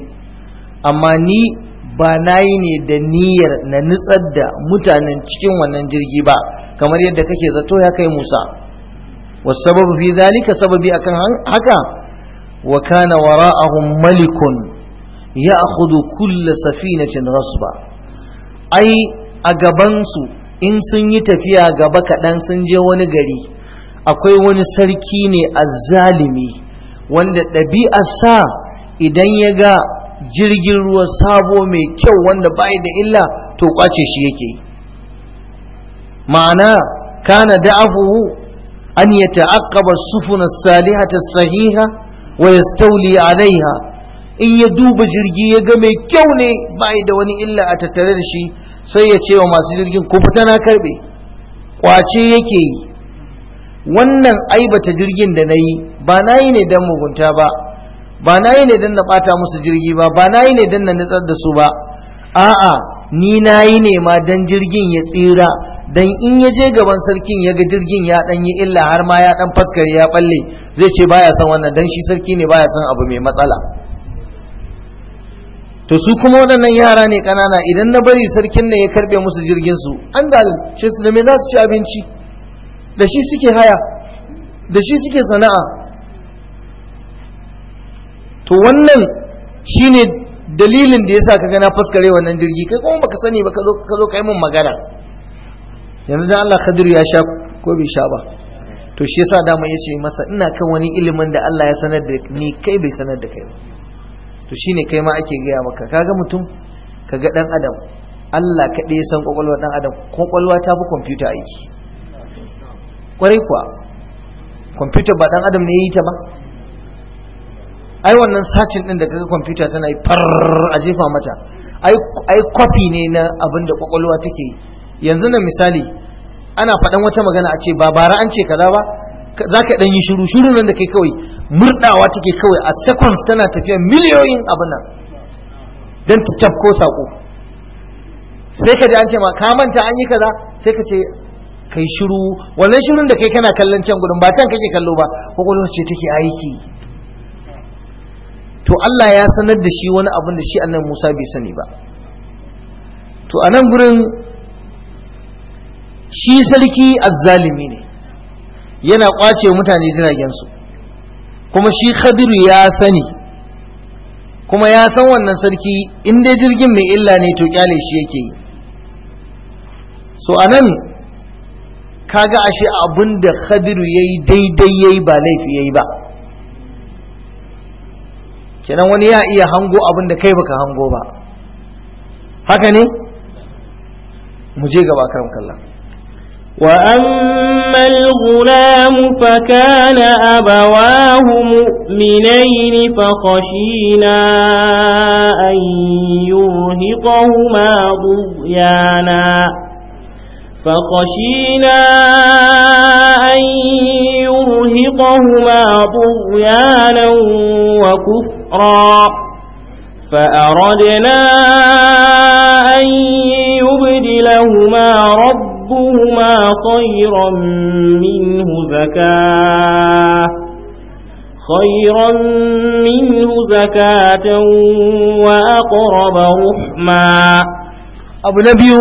amma ni ba na yi ne da niyyar na nutsar da mutanen cikin wannan jirgi ba kamar yadda kake zato ya kai musa wasu sababu fi zalika sababi akan haka wa kana wara'ahum malikun ya akudu kulla safinatin ba ai a gabansu in sun yi tafiya gaba kaɗan sun je wani gari akwai wani sarki ne a zalimi wanda ɗabi'ar sa idan ya ga jirgin ruwa sabo mai kyau wanda bai da illa to kwace shi yake ma'ana kana abubu an yata'aqqaba as-sufuna as-salihata sahiha wa yastawli 'alayha in ya duba jirgi ya ga mai kyau ne bai da wani illa a tattare da shi sai ya ce wa masu jirgin ko fita na karbe kwace yake yi wannan aibata jirgin da na yi ba na yi ne dan mugunta ba ba na yi ne don na ɓata musu jirgi ba ba na yi ne don na nutsar da su ba a'a ni na yi ne ma don jirgin ya tsira don in ya je gaban sarkin ya ga jirgin ya ɗan yi illa har ma ya ɗan faskare ya balle zai ce baya son wannan don shi sarki ne baya son abu mai matsala to su kuma waɗannan yara ne ƙanana idan na bari sarkin ne ya karɓe musu jirgin su an shi su da me za su ci abinci da shi suke haya da shi suke sana'a to wannan shine dalilin da ya yasa ka na faskare wannan jirgi kai kuma baka sani ba ka zo ka min magana yanzu dan Allah kadiru ya sha ko bai sha ba to shi yasa dama yace masa ina kan wani ilimin da Allah ya sanar da ni kai bai sanar da kai ba to shine kai ma ake gaya maka kaga mutum kaga dan adam Allah kaɗai ya san kwakwalwa dan adam kwakwalwa ta fi kwamfuta aiki kwarai kuwa kwamfuta ba dan adam ne ya yi ta ba ai wannan sacin din da kaga kwamfuta tana yi farrr a jefa mata ai kwafi ne na abin da kwakwalwa take yi yanzu na misali ana faɗan wata magana a ce ba bara an ce kaza ba za ka ɗan yi shiru shiru nan da kai kawai murɗawa take kawai a seconds tana tafiya miliyoyin abin nan don ta cafko saƙo sai ka ji an ce ma ka manta an yi kaza sai ka ce kai shiru wannan shirun da kai kana kallon can gudun ba can kake kallo ba kwakwalwa ce take aiki to Allah ya sanar da shi wani abin da shi annan Musa bai sani ba to a nan gurin shi sarki azzalimi ne yana kwace mutane jiragensu kuma shi khadiru ya sani kuma ya san wannan sarki inda jirgin mai illa ne to kyale shi yake yi so a nan kaga ashe abin da khadiru ya yi daidai ya yi ba laifi ya yi ba kenan wani ya iya hango abin da kai baka hango ba haka ne mu je gaba karam kallah وأما الغلام فكان أبواه مؤمنين فخشينا أن يرهقهما ضغيانا فخشينا أن يرهقهما طغيانا وكفرا أخرى فأردنا أن يبدلهما ربهما خيرا منه زكاه خيرا منه زكاة وأقرب رحما أبو نبيو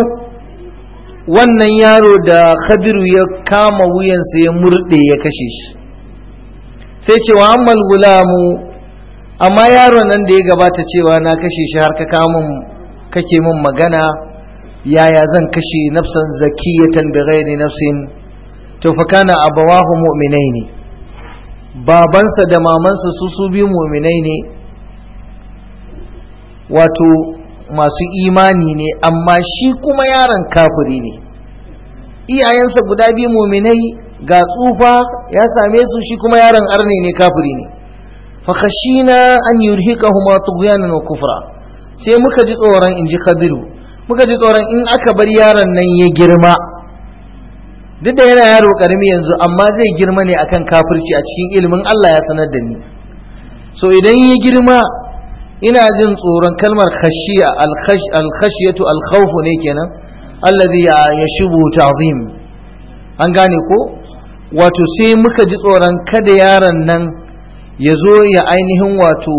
wannan yaro da khadiru ya kama wuyansa ya murɗe ya kashe shi sai ce wa ammal gulamu amma yaron nan da ya gabata cewa na kashe shi har ka kamun kake min magana yaya zan kashe nafsan zakiyatan bi ghairi nafsin to fa kana abawahu mu'minaini babansa da mamansa su su bi mu'minai ne wato masu imani ne amma shi kuma yaron kafiri ne iyayensa guda biyu mu'minai ga tsufa ya same su shi kuma yaron arne ne kafiri ne fakashina an yurhiqahuma tughyanan wa kufra sai muka ji tsoron inji Kabiru muka ji tsoron in aka bar yaron nan ya girma duk da yana yaro karami yanzu amma zai girma ne akan kafirci a cikin ilimin Allah ya sanar da ni so idan ya girma ina jin tsoron kalmar khashiya al-khashiyatu al-khawf ne kenan alladhi yashubu ta'zim an gane ko wato sai muka ji tsoron kada yaron nan ya zo ya ainihin wato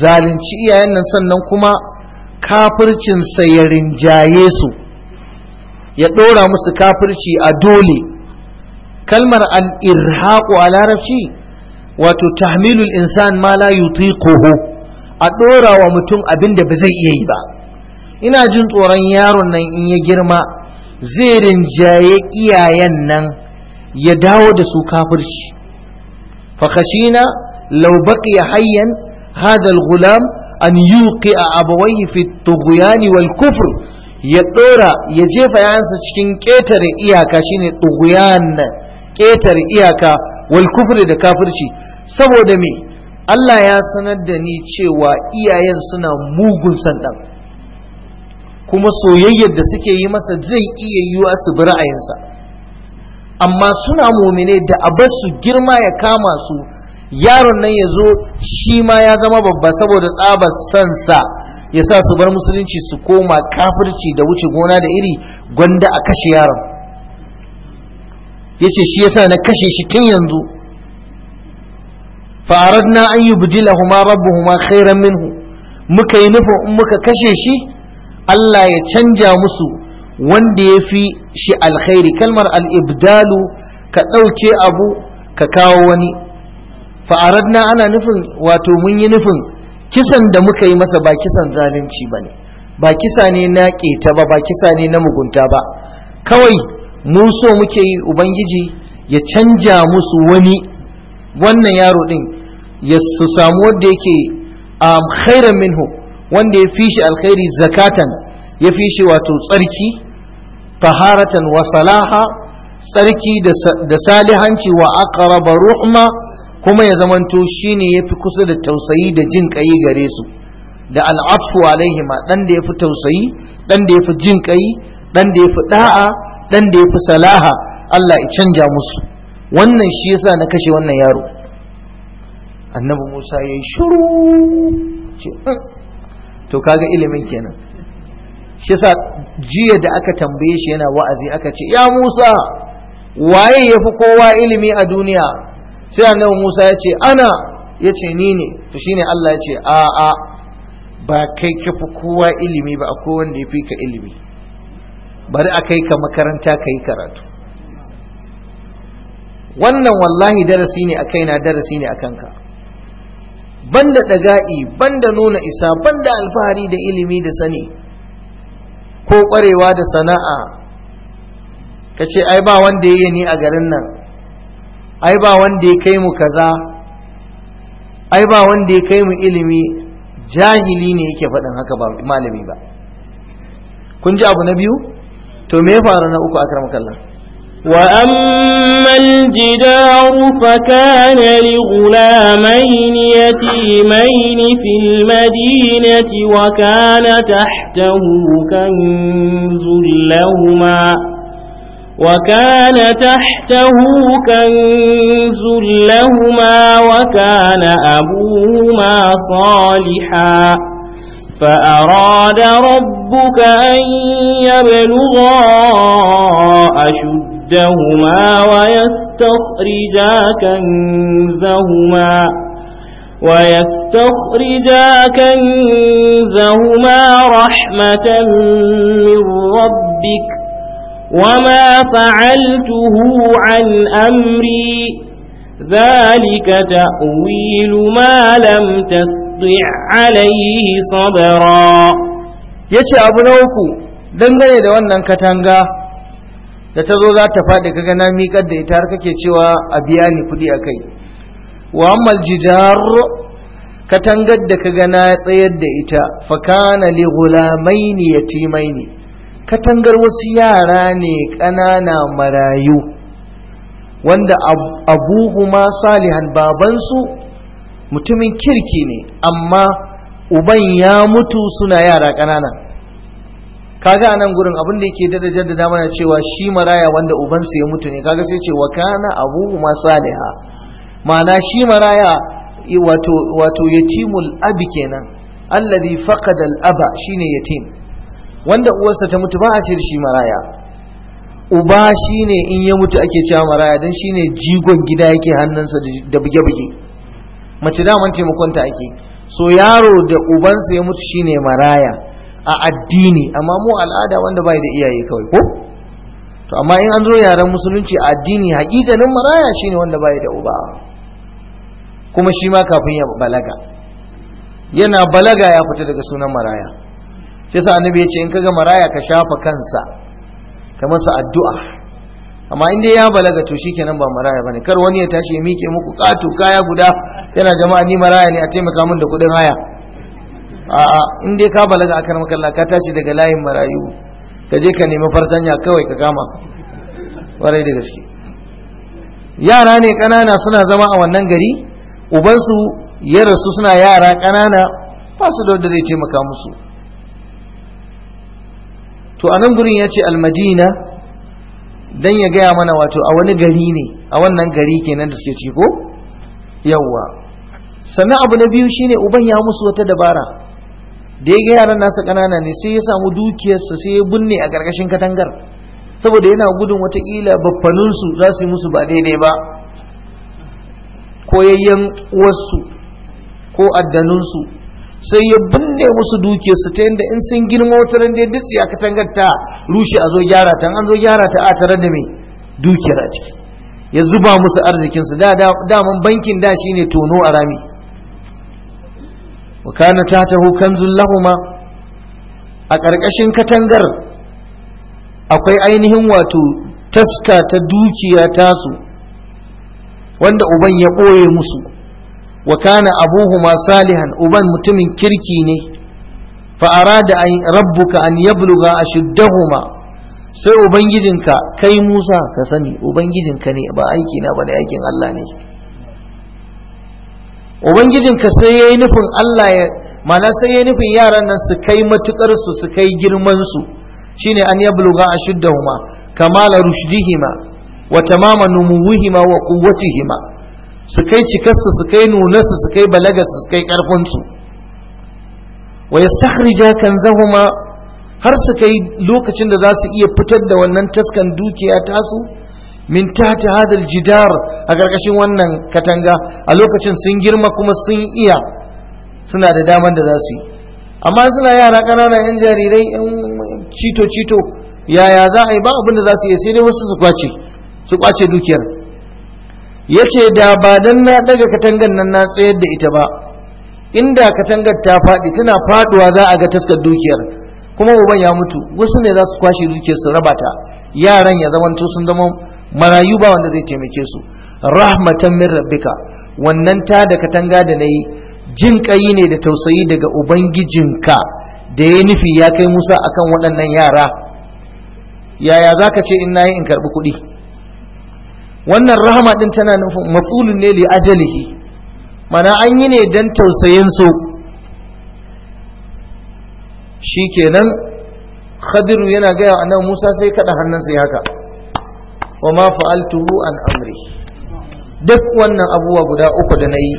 zalunci iyayen nan sannan kuma kafircinsa ya rinjaye su ya ɗora musu kafirci a dole kalmar al'irhaƙo a larabci wato tahmilul insan ma la yutiquhu a ɗora wa mutum abin da ba iya yi ba ina jin tsoron yaron nan in ya girma zai rinjaye iyayen nan ya dawo da su kafirci fakashina لو بقي حيا هذا الغلام أن يوقع أبويه في الطغيان والكفر يدورا يجيف يعنس تشكين كيتر إياكا شين الطغيان كيتر إياكا والكفر دا كافرشي سبو دمي Allah ya sanar da ni cewa iyayen suna mugun son kuma soyayyar da suke yi masa zai iya yiwa su bi ra'ayinsa amma suna mumine da abar su girma ya kama su yaron nan ya zo shi ma ya zama babba saboda tsabar sansa ya sa su bar musulunci su koma kafirci da wuce gona da iri gwanda a kashe yaron ya ce shi yasa na kashe shi tun yanzu na an yi budilahuma rabbuhuma khairan minhu muka yi nufin in muka kashe shi Allah ya canja musu wanda ya fi shi alkhairi kalmar al'ibdalu ka ɗauke abu ka kawo wani fa'aradna ana nufin wato mun yi nufin kisan da muka yi masa ba kisan zalunci ba ne ba kisa ne na keta ba ba kisa ne na mugunta ba kawai mu so muke yi ubangiji ya canja musu wani wannan yaro din ya su samu wanda yake um, khairan minhu wanda ya fi shi alkhairi zakatan ya fi shi wato tsarki taharatan wa salaha tsarki da salihanci wa aqrab ruhma kuma ya zamanto shine yafi kusa da tausayi da jin kai gare su da al'afu ma dan da yafi tausayi dan da yafi jin kai dan da yafi da'a dan da yafi salaha Allah ya canja musu wannan shi yasa na kashe wannan yaro annabi Musa ya yi shiru ce to kaga ilimin kenan shi yasa jiya da aka tambaye shi yana wa'azi aka ce ya Musa waye yafi kowa ilimi a duniya sai annabi Musa ya ce ana ya ce ni ne to shine Allah ya ce a a ba kai ka fi kowa ilimi ba akwai wanda ya fi ka ilimi bari a kai ka makaranta ka yi karatu wannan wallahi darasi ne a na, darasi ne a kanka banda ɗaga'i banda nuna isa banda alfahari da ilimi da sani ko ƙwarewa da sana'a ka ce ai ba wanda ya ni a garin nan ai ba wanda ya kai mu kaza ai ba wanda ya kai mu ilimi jahili ne yake faɗin haka ba malami ba kun ji abu na biyu to me ya faru na uku akram kallah wa ammal jidaru fa kana li ghulamayn yatimayn fil madinati wa kana tahtahu kanzul وكان تحته كنز لهما وكان أبوهما صالحا فأراد ربك أن يبلغا أشدهما ويستخرجا كنزهما ويستخرجا كنزهما رحمة من ربك وما فعلته عن أمري ذلك تأويل ما لم تستطع عليه صبرا yace abu na uku dangane da wannan katanga da ta zo za ta faɗi kaga na miƙar da ita har kake cewa a biya ni kuɗi a kai wa ammal jidar katangar da kaga na tsayar da ita fakana li gulamaini yatimaini katangar wasu yara ne ƙanana marayu wanda abuhuma salihan babansu mutumin kirki ne amma uban ya mutu suna yara ƙanana kaga a nan gurin abinda yake dada jaddada mana cewa shi maraya wanda ubansu ya mutu ne kaga sai ce wa kana abubuwa saliha ma'ana shi maraya wato yatimul abi kenan allazi faqada al aba shine yatim wanda uwarsa ta mutu ba a ce da shi maraya uba shine in ya mutu ake cewa maraya don shine jigon gida yake hannunsa da buge-buge mace daman taimakonta ake so yaro da ubansa ya mutu shine maraya a addini amma mu al'ada wanda bai da iyaye kawai ko to amma in an zo yaren musulunci a addini hakikanin maraya shine wanda bai da uba kuma shi ma kafin ya balaga yana balaga ya fita daga sunan maraya shi sa annabi yace in kaga maraya ka shafa kansa ka masa addu'a amma in dai ya balaga to kenan ba maraya bane kar wani ya tashi ya mike muku ƙato kaya guda yana jama'a ni maraya ne a taimaka min da kuɗin haya a'a in dai ka balaga akan makalla ka tashi daga layin marayu ka je ka nemi fartanya kawai ka kama warai da gaske yara ne ƙanana suna zama a wannan gari ubansu ya rasu suna yara ƙanana ba su da wanda zai taimaka musu to a nan gurin ya ce almadina don ya gaya mana wato a wani gari ne a wannan gari kenan da suke ci ko yawwa sannan abu na biyu shine uban ya musu wata dabara da ya ga yaran nasa ƙanana ne sai ya samu dukiyarsa sai ya binne a ƙarƙashin katangar saboda yana gudun watakila baffaninsu za su yi musu ba daidai ba koyayyen uwarsu ko addanunsu sai ya binne musu duke su ta yadda in sun girma wata ran da dutse a katangar ta rushe a zo gyara ta an zo gyara ta a tare da mai dukiyar a ciki ya zuba musu arzikinsu, su da daman bankin da shine tono a rami wa kana ta tahu kanzul lahuma a ƙarƙashin katangar akwai ainihin wato taska ta dukiya tasu wanda uban ya ɓoye musu wa kana abuhuma salihan uban mutumin kirki ne fa arada an rabbuka an yabluga ashuddahuma sai ubangijinka kai Musa ka sani ubangijinka ne ba aiki na bane aikin Allah ne ubangijinka sai yayi nufin Allah ya mana sai yayi nufin yaran nan su kai matukar su su kai girman su shine an yabluga ashuddahuma kamala rushdihima wa tamama numuwihima wa quwwatihima su kai cikarsu su kai nunarsu su kai balagarsu su kai ƙarfinsu wa ya sahrija kan zahuma har su kai lokacin da za su iya fitar da wannan taskan dukiya tasu min ta hadal jidar a ƙarƙashin wannan katanga a lokacin sun girma kuma sun iya suna da daman da za su yi amma suna yara ƙanana yan jarirai yan cito cito yaya za a yi ba abin da za su iya sai dai wasu su kwace su kwace dukiyar ya ce da ba dan na daga katangar nan na tsayar da ita ba inda katangar ta faɗi tana faɗuwa za a ga taskar dukiyar kuma uban ya mutu wasu ne za su kwashe dukiyar su raba ta yaran ya zamanto sun zama marayu ba wanda zai taimake su rahmatan min rabbika wannan ta da katanga da nayi jin kai ne da tausayi daga ubangijinka da ya nufi ya kai musa akan waɗannan yara yaya zaka ce in na yi in karbi kuɗi wannan rahama din tana nufin mafulun ne li ajalihi mana an yi ne don tausayin su Shi kenan khadiru yana gaya wa nan Musa sai kada hannunsa ya haka wa ma fa'altuhu an amri duk wannan abubuwa guda uku da na yi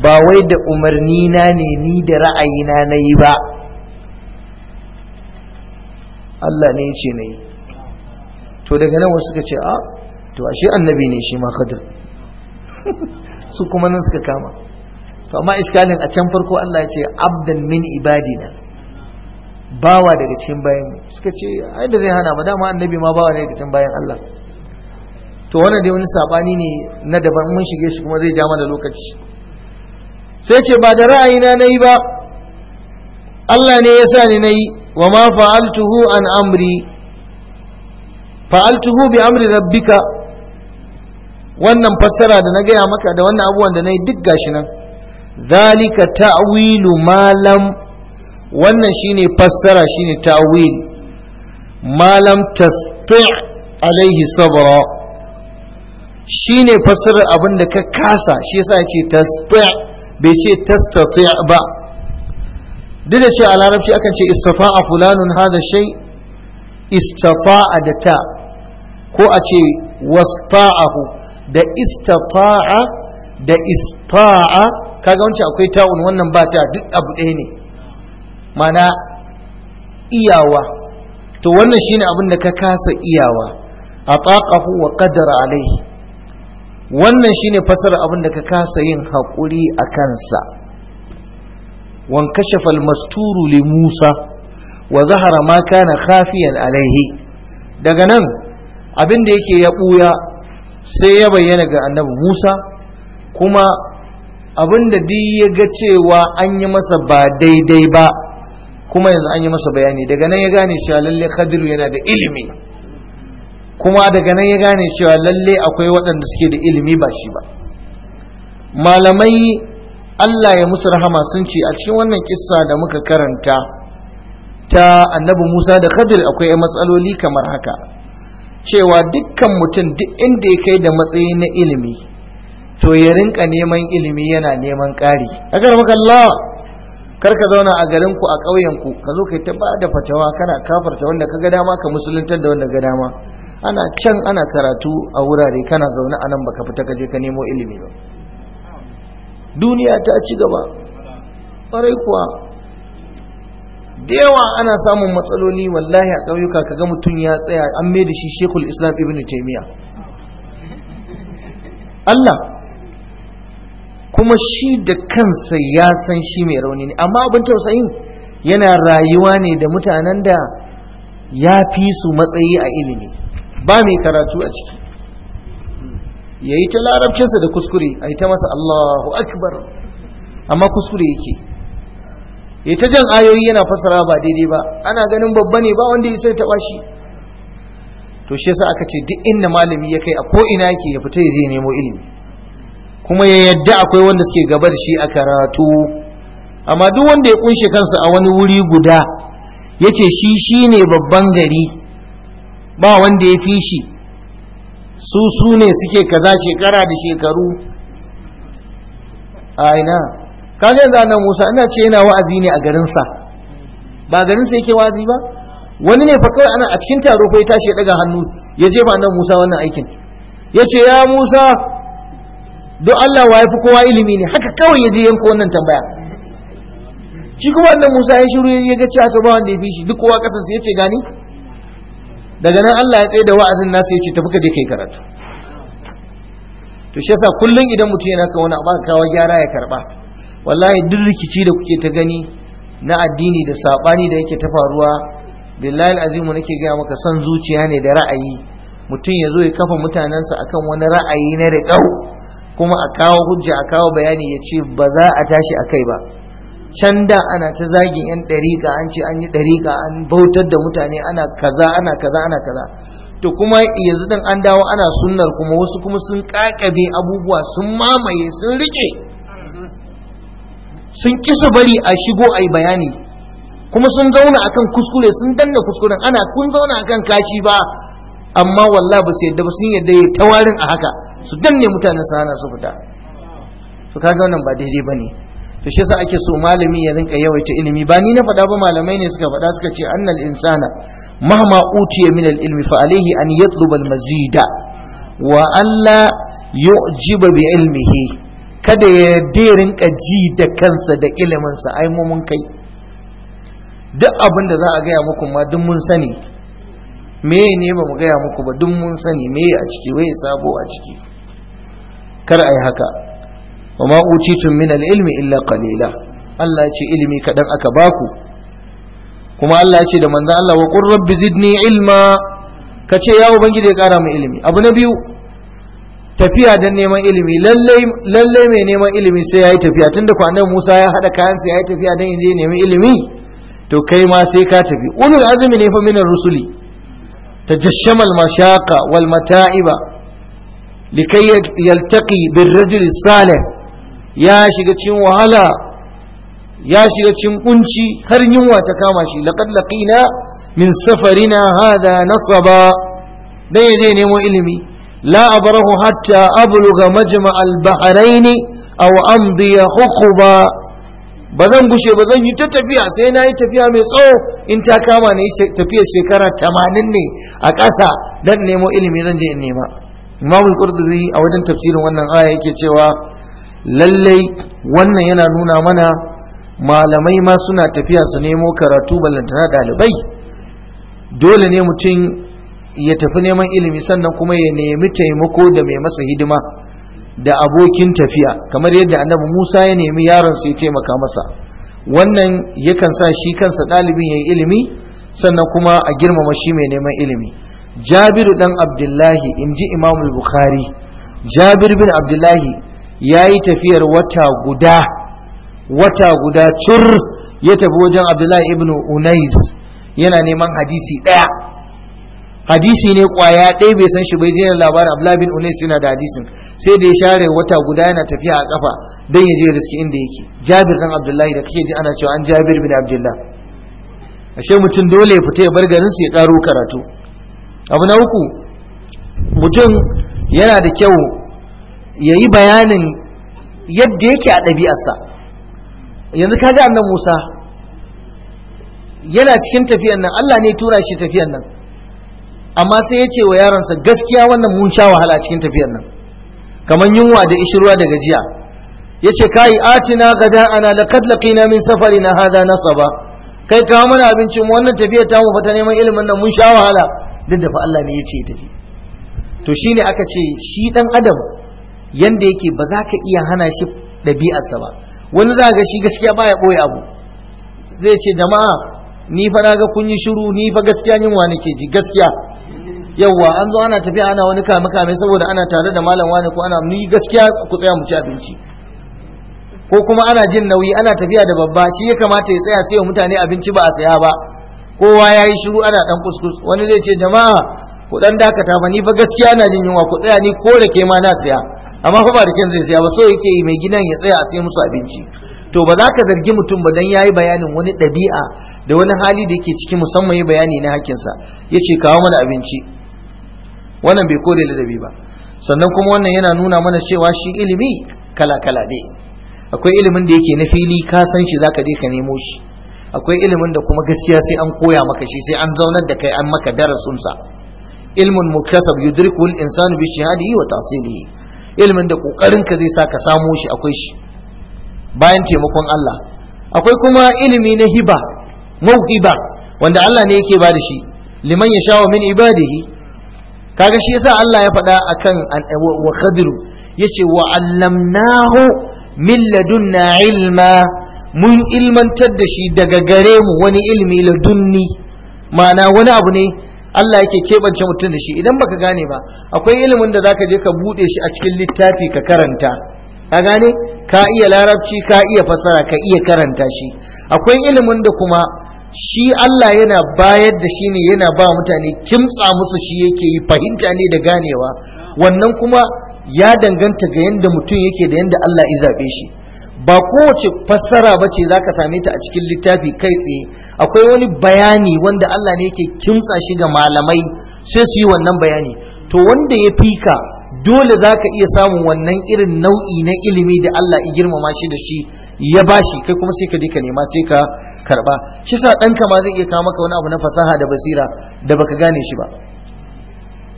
ba wai da umarni na ne ni da ra'ayina yi ba Allah ne ya ce yi, to daga nan wasu suka ce a ah, to ashe annabi ne shi ma khadir su kuma nan suka kama to amma iskalin a can farko Allah ya ce abdan min ibadina bawa daga cikin bayan suka ce ai da zai hana ba dama annabi ma bawa ne daga cikin bayan Allah to wannan dai wani sabani ne na daban mun shige shi kuma zai ja mana lokaci sai ce ba da ra'ayina nayi ba Allah ne ya sa ni nayi wa ma fa'altuhu an amri fa'altuhu bi amri rabbika wannan fassara da na gaya maka da wannan abubuwan da na yi duk gashi nan zalika ta'wilu malam wannan shine fassara shine ta'wil malam tastai alaihi sabra shine fassara abin da ka kasa shi yasa ya ce bai ce tastati ba duk da a larabci akan ce istafa'a fulanun hada shay istafa'a da ta ko a ce wasta'ahu da istata'a da istata'a kaga wancan akwai ta'un wannan ba ta duk abu ɗaya ne mana iyawa to wannan shine abin da ka kasa iyawa a tsakafu wa ƙadara alaihi wannan shine fasar abin da ka kasa yin haƙuri a kansa wankashafa masturu li musa wa zahara ma kana khafiyan alaihi daga nan abin da yake ya ɓuya sai ya bayyana ga annabi Musa kuma abinda da ya ga cewa an yi masa ba daidai ba kuma yanzu an yi masa bayani daga nan ya gane cewa lalle Khadiru yana da ilimi kuma daga nan ya gane cewa lalle akwai waɗanda suke da ilimi ba shi ba malamai Allah ya musu rahama sun ce a cikin wannan kissa da muka karanta ta annabi Musa da Khadir akwai matsaloli kamar haka cewa dukkan mutum duk inda ya kai da matsayi na ilimi to ya rinka neman ilimi yana neman ƙari agar makalla kar ka zauna a garinku a ƙauyenku ka zo kai ta ba da fatawa kana kafarta wanda ka ga dama ka musuluntar da wanda ga dama ana can ana karatu a wurare kana zaune a nan baka fita ka je ka nemo ilimi ba duniya ta ci gaba ƙwarai kuwa da yawa ana samun matsaloli wallahi a ƙauyuka ka ga mutum ya tsaya an mai da shi shekul islam ibn taimiyya Allah kuma shi da kansa ya san shi mai rauni ne amma abin tausayin yana rayuwa ne da mutanen da ya fi su matsayi a ilimi ba mai karatu a ciki ya yi ta larabcinsa da kuskure a yi ta masa Allahu akbar amma kuskure yake ita jan ayoyi yana fasara ba daidai ba ana ganin babba ne ba wanda ya taɓa shi to shi yasa aka ce duk inda malami ya kai a ko ina yake ya fita ya je nemo ilimi kuma ya yadda akwai wanda suke gaba da shi a karatu amma duk wanda ya kunshe kansa a wani wuri guda ya ce shi shine babban gari ba wanda ya fi shi su sune suke kaza shekara da shekaru a ina kaga yanzu annabi Musa ina ce yana wa'azi ne a garin sa ba garin sa yake wa'azi ba wani ne fa kawai ana a cikin taro fa ya tashi ya daga hannu ya jefa annabi Musa wannan aikin yace ya Musa don Allah wa yafi kowa ilimi ne haka kawai ya je yanko wannan tambaya shi kuma wannan Musa ya shiru ya ga cewa ba wanda ya fi shi duk kowa kasan sai yace gani daga nan Allah ya tsaye da wa'azin nasu ya ce tafi ka je kai karatu to shi yasa kullun idan mutum yana kan wani abu kawo gyara ya karba wallahi duk rikici da kuke ta gani na addini da sabani da yake ta faruwa billahi azimu nake gaya maka son zuciya ne da ra'ayi mutum ya zo ya kafa mutanensa akan wani ra'ayi na riƙau kuma a kawo hujja a kawo bayani ya ce ba za a tashi a kai ba can da ana ta zagin yan ɗariƙa an ce an yi ɗariƙa an bautar da mutane ana kaza ana kaza ana kaza to kuma yanzu din an dawo ana sunnar kuma wasu kuma sun ƙaƙabe abubuwa sun mamaye sun riƙe sun kisa bari a shigo a yi bayani kuma sun zauna akan kuskure sun danna kuskuren ana kun zauna akan kashi ba amma wallah ba su yadda ba sun yadda ya tawarin a haka su danne mutane su hana su fita to kaga wannan ba daidai ba ne to shi yasa ake so malami ya rinka yawaita ilimi ba ni na faɗa ba malamai ne suka faɗa suka ce annal insana mahma utiya min al ilmi fa alayhi an yatluba al mazida wa alla yu'jiba bi ilmihi kada ya derin ji da kansa da iliminsa ai mu mun kai duk abin da za a gaya muku ma duk mun sani me ne ba mu gaya muku ba duk mun sani me a ciki wai sabo a ciki kar ai haka wa ma tun min al-ilmi illa qalila Allah ya ce ilimi kadan aka baku kuma Allah ya ce da manzo Allah wa qur rabbi zidni ilma kace ya ubangiji ya kara mu ilimi abu na biyu tafiya don neman ilimi lalle mai neman ilimi sai ya yi tafiya tun da kwanan musa ya haɗa kayansa ya yi tafiya don je neman ilimi to kai ma sai ka tafi ulul azumi ne fa minar rusuli ta jashamal mashaka wal mata'iba likai yaltaqi bin rajul salih ya shiga cikin wahala ya shiga cikin kunci har yunwa ta kama shi laqad laqina min safarina hadha nasaba dan ya neman ilimi لا أبره حتى أبلغ مجمع البحرين bahraini أمضي حقبا bazan gushe ba zan yi ta tafiya sai na yi tafiya mai tsawo in ta kama na yi tafiyar shekara tamanin ne a ƙasa Dan nemo ilimi zan je in nema imamu qurtubi a wajen tafsirin wannan aya yake cewa lallai wannan yana nuna mana malamai ma suna tafiya su nemo karatu ballantana ɗalibai dole ne mutum ya tafi neman ilimi sannan kuma ya nemi taimako da mai masa hidima da abokin tafiya kamar yadda annabi Musa ya nemi yaron sai taimaka masa wannan yakan sa shi kansa ɗalibin ya yi ilimi sannan kuma a girmama shi mai neman ilimi jabiru dan abdullahi in ji imamul bukhari jabir bin abdullahi ya yi tafiyar wata guda wata guda cur ya tafi wajen abdullahi ibn unais yana neman hadisi ɗaya hadisi ne kwaya ɗaya bai san shi bai je labarin abdullahi bin unais yana da hadisin sai da ya share wata guda yana tafiya a kafa don ya je riski inda yake jabir dan abdullahi da kake ji ana cewa an jabir bin Abdullahi. ashe mutum dole ya fita ya bar garin su ya karo karatu abu na uku mutum yana da kyau ya yi bayanin yadda yake a ɗabi'arsa yanzu ka kaga annan musa yana cikin tafiyan nan allah ne tura shi tafiyan nan amma sai ya ce wa yaronsa gaskiya wannan mun sha wahala cikin tafiyar nan kamar yunwa da ishirwa da gajiya ya ce kai atina gada ana laqad laqina min safarina hada nasaba kai kawo mana abinci mu wannan tafiyar ta mu fata neman ilimin nan mun sha wahala duk da fa Allah ne ya ce tafi to shine aka ce shi dan adam yanda yake ba za ka iya hana shi ɗabi'arsa ba wani za ga shi gaskiya baya ɓoye abu zai ce jama'a ni fa na ga kun yi shiru ni fa gaskiya yunwa nake ji gaskiya yawwa an zo ana tafiya ana wani kame kame saboda ana tare da malam wani ko ana ni gaskiya ku tsaya mu ci abinci ko kuma ana jin nauyi ana tafiya da babba shi ya kamata ya tsaya sai mutane abinci ba a saya ba kowa ya yi shiru ana dan kuskus wani zai ce jama'a ku dan dakata ba ni fa gaskiya na jin yunwa ku tsaya ni ko da ke ma na saya amma fa ba raken zai saya ba so yake yi mai gidan ya tsaya a sai musu abinci to ba za ka zargi mutum ba dan yayi bayanin wani ɗabi'a da wani hali da yake cikin musamman yi bayani na hakinsa ya ce kawo mana abinci wannan bai kore ladabi ba sannan kuma wannan yana nuna mana cewa shi ilimi kala kala ne akwai ilimin da yake na fili ka san shi zaka je ka nemo shi akwai ilimin da kuma gaskiya sai an koya maka shi sai an zaunar da kai an maka darasin sa ilmun muktasab yudrikul insanu bi shahadihi wa tahsilihi ilimin da kokarin ka zai sa ka samo shi akwai shi bayan taimakon Allah akwai kuma ilimi na hiba mauhiba wanda Allah ne yake ba da shi liman ya wa min ibadihi kaga shi yasa Allah ya faɗa akan eh, wa khadiru yace wa allamnahu min ladunna ilma mun ilmantar da shi daga gare mu wani ilmi ladunni ma'ana wani abu ne Allah yake keɓance mutum da shi idan baka gane ba akwai ilimin da zaka je ka buɗe shi a cikin littafi ka karanta ka gane ka iya larabci ka iya fasara ka iya karanta shi akwai ilimin da kuma shi Allah yana bayar da shi ne yana ba mutane kimtsa musu shi yake yi fahimta ne da ganewa wannan kuma ya danganta ga yadda mutum yake da yadda Allah ya zaɓe shi ba kowace fassara ba ce za ka same ta a cikin littafi kai tsaye akwai wani bayani wanda Allah ne yake kimtsa shi ga malamai sai su yi wannan bayani to wanda ya fika dole za ka iya samun wannan irin nau'i na ilimi da Allah ya girmama shi da shi ya bashi kai kuma sai ka je ka nema sai ka karba shi sa dan ma zai iya kawo maka wani abu na fasaha da basira da baka gane shi ba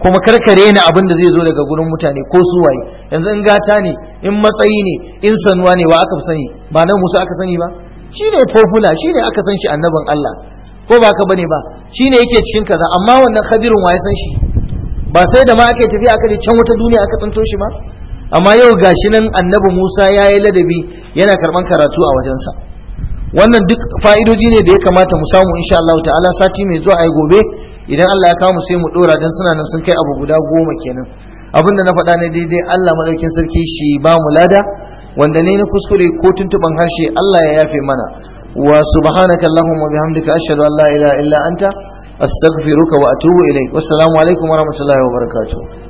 kuma karkare ni abin da zai zo daga gurin mutane ko su waye yanzu in gata ne in matsayi ne in sanuwa ne wa aka sani ba nan musu aka sani ba shine popular shine aka san shi annabin Allah ko ba ka bane ba shine yake cikin kaza amma wannan khabirin waye san shi ba sai da ma ake tafiya aka je can wata duniya aka tsinto shi ba amma yau gashi nan annabi Musa ya yi ladabi yana karban karatu a wajensa wannan duk fa'idoji ne da ya kamata mu samu insha Allah ta'ala sati mai zuwa ai gobe idan Allah ya kawo mu sai mu dora dan suna nan sun kai abu guda goma kenan Abin da na faɗa ne daidai Allah madaukin sarki shi ba mu lada wanda ne na kuskure ko tuntuban harshe Allah ya yafe mana wa subhanaka allahumma bihamdika ashhadu an la ilaha illa anta astaghfiruka wa atubu ilaik wassalamu alaikum warahmatullahi wabarakatuh